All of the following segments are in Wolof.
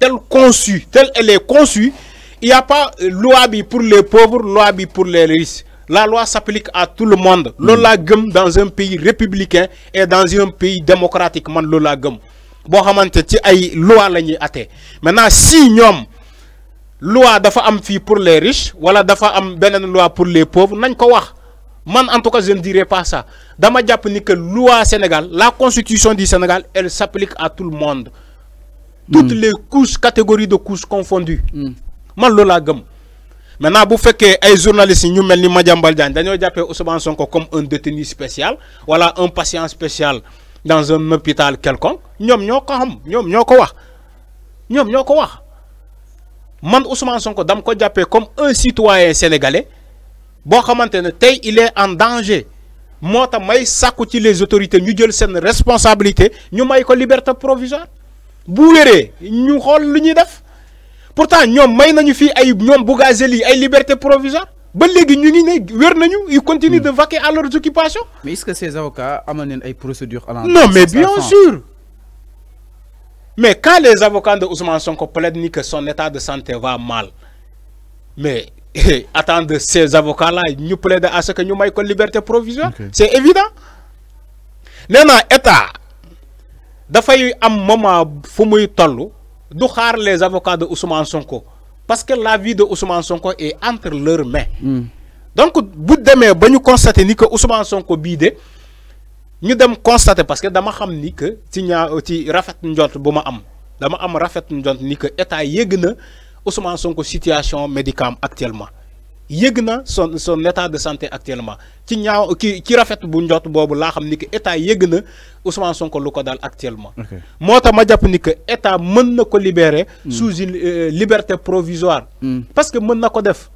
telle conçu, telle elle est conçue, il n'y a pas euh, loi pour les pauvres, loi pour les riches. La loi s'applique à tout le monde. Mm. Lola dans un pays républicain et dans un pays démocratique, man lola gum. Bon, ay loi Maintenant si nous loi dafa am pour les riches ou dafa loi pour les pauvres, Man en tout cas, je ne dirais pas ça. Dans ma ni que loi Sénégal, la constitution du Sénégal, elle s'applique à tout le monde toutes mm. les couches catégories de couches confondues. Mm. man maintenant journalistes nous ñu les comme un détenu spécial voilà un patient spécial dans un hôpital quelconque Nous, sommes xam Nous, wax comme un citoyen sénégalais il est en danger Moi, les autorités responsabilité liberté provisoire nous ñu xol lu ñuy def pourtant ñom may nañu fi ay ñoom Bougazelli ay liberté provisoire ba légui ñu ngi né wér nañu ils continuent de vaquer à leurs occupations. mais est-ce que ces avocats amal une ay procédures à non mais bien sûr mais quand les avocats de Ousmane Sonko plaident ni que son état de santé va mal mais attendre ces avocats là ñu plaident à ce que ñu may ko liberté provisoire. c'est évident L'état état dafay am moment fu muy toll du xaar les avocats de Ousmane Sonko parce que la vie de Ousmane Sonko est entre leurs mains. Hmm. donc bu demee bañu constater ni que Ousmane Sonko bide de ñu dem constater parce que dama xam ni que ci ñaa ci rafet njort buma am dama am rafet njort ni que état yegna Ousmane Sonko situation médicale actuellement yegna son son état de santé actuellement ci ñaaw ki ci rafet bu njot bobu la xam ni que état yegna sont Ousmane Sonko lu ko actuellement. moi ma japp ni que état mën libéré hmm. sous une euh, liberté provisoire. Hmm. parce que mën nako def.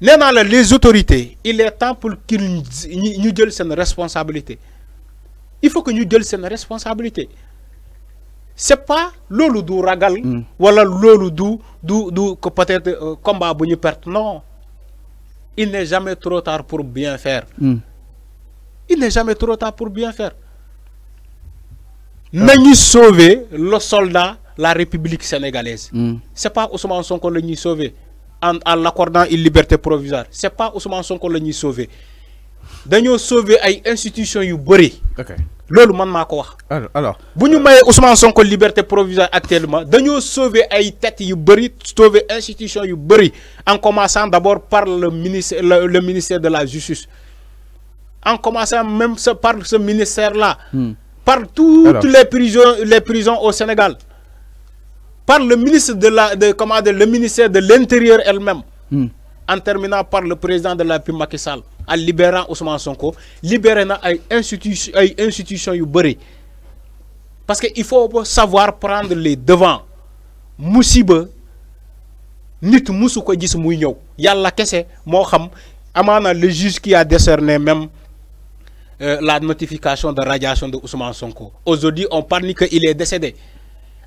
les autorités il est temps pour qu'ils ñu jël sen responsabilité il faut que ñu jël une responsabilité c'est pas le du ragal. Mm. wala lolu du du peut-être euh, combat bu perte non il n'est jamais trop tard pour bien faire. Mm. il n'est jamais trop tard pour bien faire. Ah. nous sauver le soldat la République sénégalaise. Mm. c'est pas Ousmane Sonko qu'on nous sauver en en accordant une liberté provisoire c'est pas Ousmane Sonko le a sauver nous sauver les institutions yu bëri. loolu man maa ko wax. alors bu ñu en Ousmane Sonko liberté provisoire actuellement nous sauver les têtes sont bëri sauver institutions yu bëri en commençant d'abord par le ministère le ministère de la justice en commençant même par ce ministère là. Hmm. par toutes les prisons les prisons au Sénégal par le ministre de la de le ministère de l'intérieur elle-même. Hmm. en terminant par le président de la PIMA Kessal à libérant Ousmane Sonko libéré na institution ay institution yu parce que il faut savoir prendre les devants musiba nit musu ko gis muy ñëw yalla kese mo xam amana le juge qui a décerné même euh, la notification de radiation de Ousmane Sonko aujourd'hui on parle que il est décédé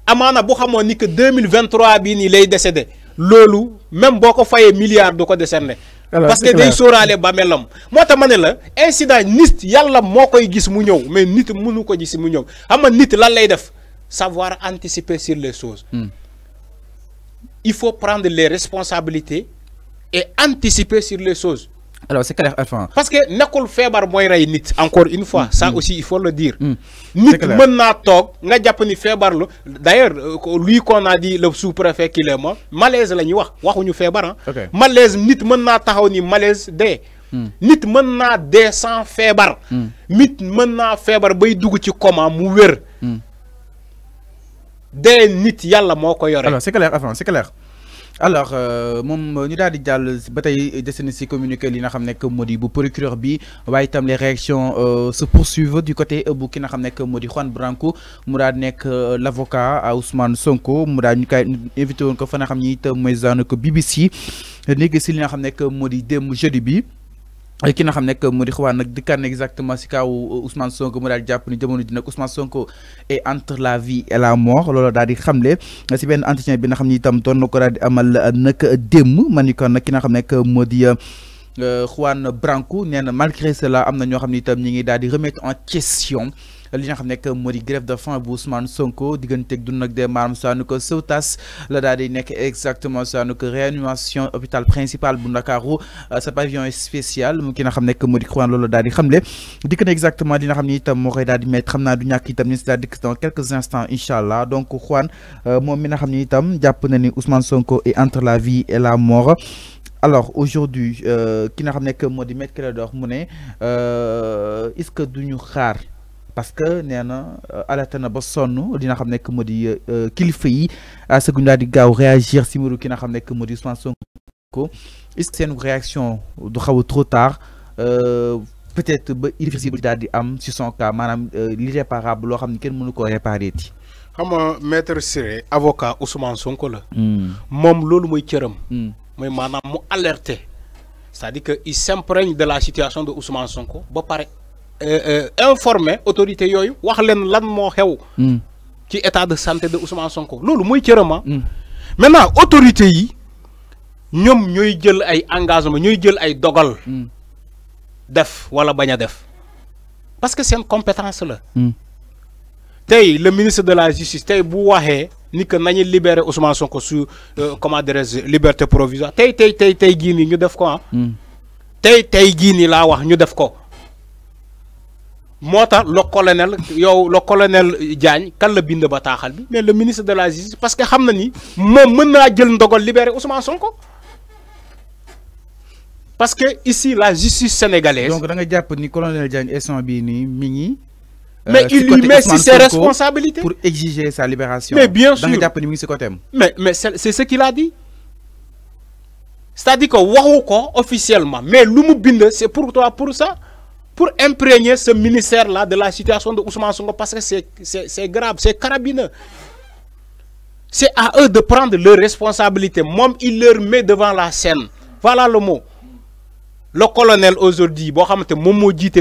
amana bu xamone ni que 2023 bi ni lay décédé lolu même boko milliards milliards de du ko décerné parce que day sóoraale bàmmeelam moo Moi ma ne là. incident nit yalla mokoy koy gis mu ñew mais nit mënu ko gis mu ñew xam nit lan lay def savoir anticiper sur les choses hmm. il faut prendre les responsabilités et anticiper sur les choses alors c'est clair Arfan parce que nakul febar moy ray nit encore une fois ça mm, mm. aussi il faut le dire mm. nit mën tok nga jàpp ni feebar d'ailleurs euh, lui qu'on a dit le sous-préfet qu'il est mort malaise la ñuy wax waxuñu feebar ah malaise nit mën naa taxaw ni malaise dee nit mën des dee sans feebar nit mën febar, bay dugg ci coma mu wér dee nit yalla moko ko yore alors c'est clair Arfan c'est clair alors euh, mom ñu daal di jall batay tey si communiqué li nga bu procureur bi waaye tam les réactions euh, se poursuivent du côté bu ki nga xam modi Juan Branco murad nek euh, l'avocat à Ousmane Sonko Mourad ñu kay invité ko fa nga xam ko BBC léegi ci li nga jeudi bi ki nga xam nekk mu di xawaa nag dikkaan exactement si kaw euh, Ousmane Sonko mu daal jàpp ni jamono ji nag Ousmane Sonko est entre la vie et la mort loolu daal di xamle si benn entretien bi nga xam ni itam doon na ko daal di amal nag démb man ni ko nag ki nga xam nekk moo di euh, Juan Branco nee na malgré cela am na ñoo xam ni itam ñi ngi daal di remettre en question li nga xam nekk moo grève de faim bu Ousmane Sonko digganteeg du nak des maanaam saanu ko sewtas la daal di nekk exactement saanu ko réanimation hôpital principal bu euh, sa pavillon spécial mu ki nga xam nekk moo di Croix loolu daal exactement li nga xam ni itam moo koy di mettre du ñak itam ni dans quelques instants inshallah donc Juan euh, moom mi nga xam itam na ni Ousmane Sonko est entre la vie et la mort. alors aujourd'hui euh, ki n'a ramené que moo di Maître Clédor est-ce que duñu xaar parce que nee na euh, alerte na ba sonu dina xam nekk moo euh, kilifa yi sëguñu daal di gaw réagir si mbiru ki na xam nekk moo Ousmane Sonko est-ce que réaction du xaw trop tard euh, peut-être ba irréversible dal di am ci son cas manam l'irréparable loo xam ne kenn mënu ko réparer ti xam nga maître Ciré avocat Ousmane Sonko la. Hmm. moom loolu mooy cëram. moy hmm. manam mu alerter c'est-à-dire que il s'imprègne de la situation de Ousmane Sonko ba pare. Euh, euh, informer autorité yooyu wax len lan mo xew. Hmm. ci de santé de Ousmane Sonko lolu provisoire, hmm. maintenant autorité yi ñom ñoy jël ay engagement dogal. Hmm. def wala qu'il def parce que une compétence le ministre de la justice tay bu waxé ni que nañu libérer Ousmane Sonko sur euh, comment liberté provisoire tay tay tay tay def ko ah. def Mota le colonel yo, le colonel Diagne kan la bind bataaxal bi mais le ministre de la justice parce que Hamani, na ni moom mën jël ndogal libérer Ousmane Sonko parce que ici la justice sénégalaise. donc da nga jàpp ni colonel Diagne est son nii mi ngi. Euh, mais il lui met si ses responsabilités pour exiger sa libération. mais bien sûr Dans le jàpp ni mi ngi côté mais mais c'est ce qu'il a dit. c'est-à-dire que waouh ko officiellement mais lu bind c'est pour toi pour ça pour imprégner ce ministère-là de la situation de Ousmane Sonko parce que c'est grave, c'est carabineux. C'est à eux de prendre leurs responsabilités. Moi, il leur met devant la scène. Voilà le mot. Le colonel aujourd'hui,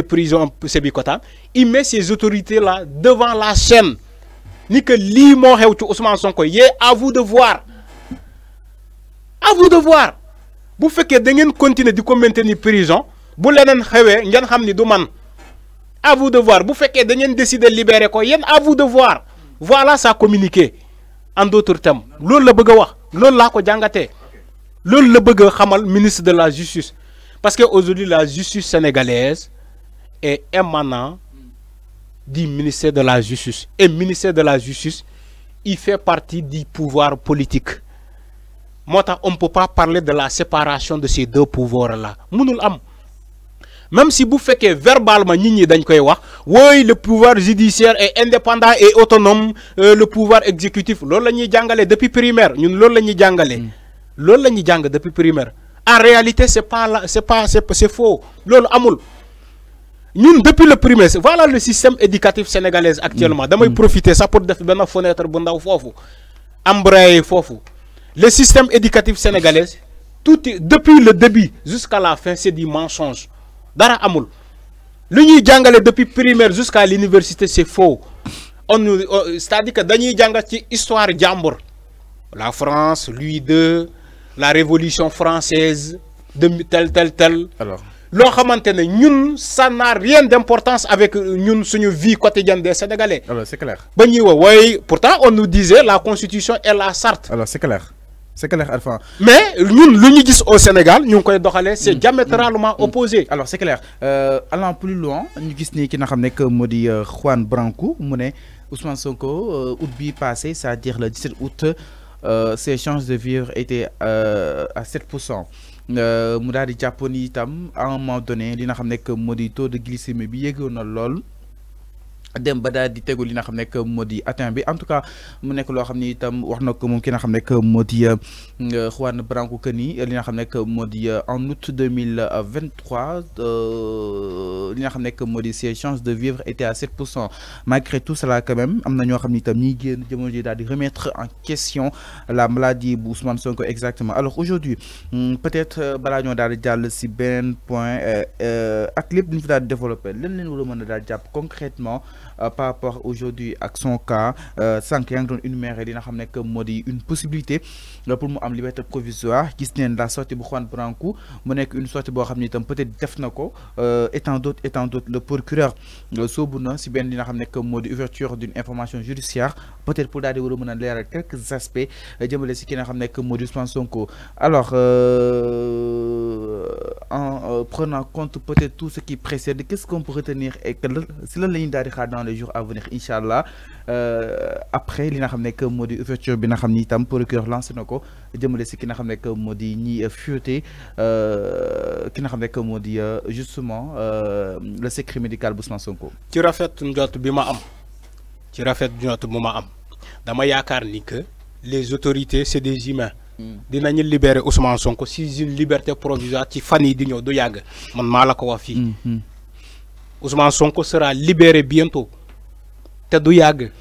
prison, il met ses autorités-là devant la scène. Ni que Ousmane Sonko, il est à vous de voir. À vous de voir. Vous faites que vous continuez de maintenir prison, bu leneen xewé ngeen xamni du man à vous de voir bu féké da ngeen de libérer ko yéen à vous de voir voilà ça communiqué en d'autres termes lool la bëgg wax lool la ko jangaté lool la bëgg xamal ministre de la justice parce que aujourd'hui la justice sénégalaise est émanant du ministère de la justice et ministère de la justice il fait partie du pouvoir politique Moi, on ne peut pas parler de la séparation de ces deux pouvoirs là mënul am même si vous faites que, verbalement oui, ñi dañ le pouvoir judiciaire est indépendant et autonome euh, le pouvoir exécutif depuis la depuis primaire ñun loolu la ñuy mm. la depuis primaire en réalité c'est pas c'est pas c'est faux loolu amul depuis le primaire voilà le système éducatif sénégalais actuellement vais mm. mm. profiter ça pour faire une fenêtre bu ndaw fofu. le système éducatif sénégalais tout depuis le début jusqu'à la fin c'est du mensonge dara amul luñuy ñuy depuis primaire jusqu'à l'université c'est faux on euh, c'est-à-dire que dañuy jàngal ci histoire jambour la France Louis II la Révolution française tel tel tel alors nous, xamante ñun ça n'a rien d'importance avec ñun suñu vie quotidienne des Sénégalais. alors c'est clair. ba pourtant on nous disait la constitution est la charte. alors c'est clair c'est clair Alpha mais ñun lu ñu au Sénégal ñu c'est mm. diamétralement mm. opposé alors c'est clair euh, allant plus loin nous gis ni ki euh, Juan Branco Ousmane Sonko euh, août c'est-à-dire le 17 août ses chances de vivre étaient à 7 pour cent mu Japonais à un moment donné li avons vu que le taux de glycémie bi yéegoon dem ba daal di tegu li nga xam nekk atteint bi en tout cas mu nekk loo xam ni itam wax na ko moom ki nga xam nekk moo euh, Juan Branco que ni li nga xam Modi euh, en août 2023 euh, li nga xam ses chances de vivre était à 7% malgré tout cela quand même am na ñoo xam ni itam ñiy génn di remettre en question la maladie bu Ousmane Sonko exactement alors aujourd'hui hmm, peut être balaa ñoo daal di jàll si beneen point ak lépp li ñu fi daal di développé lan leen war a concrètement euh, par rapport aujourd'hui à son cas sans qu'il y ait une mère li nga xam que une possibilité euh, pour mu am liberté provisoire qui neen la sortie bu Juan Branco mon est une sortie de xam ne peut-être def étant ko euh, et d'autres le procureur soobu si bien il nga xam que ouverture d'une information judiciaire peut-être pour d'aller di war quelques aspects jëmale si ki n'a xam ne que moo alors en euh, prenant compte peut-être tout ce qui précède qu'est-ce qu'on pourrait tenir et que si la ligne d'arrivée dans les jours à venir inchallah euh, après il nga a nekk ouverture bi nga xam ni itam lancé na ko jëmale si ki nga xam nekk moo di ñiy euh, ki justement le secret médical bu Ousmane Sonko. ci rafet une bi ma am ci rafet njot bu ma am les autorités c'est des humains dinañu libérer Ousmane Sonko si une liberté provisoire ci fan yi di ñeu du yàgg man mala ko mm, mm. Ousmane Sonko sera libéré bientôt te du yàgg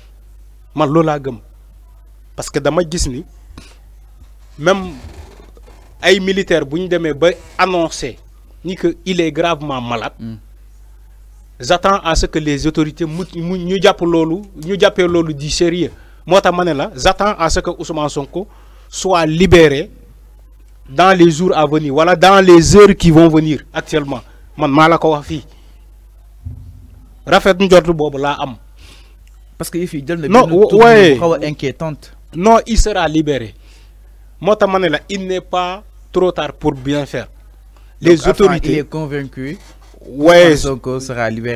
man loola parce que dama gis ni même ay militaires buñ démé ba annoncé ni que il est gravement malade. Mm. j'attends à ce que les autorités ñu japp lolu ñu jappé lolu di sérieux moo j'attends à ce que Ousmane Sonko soit libéré dans les jours à venir voilà dans les heures qui vont venir actuellement man maa rafet am. parce que y yi jël na. inquiétante. non il sera libéré Mota manela, il n'est pas trop tard pour bien faire. les autorités il est convaincu. son sera libéré.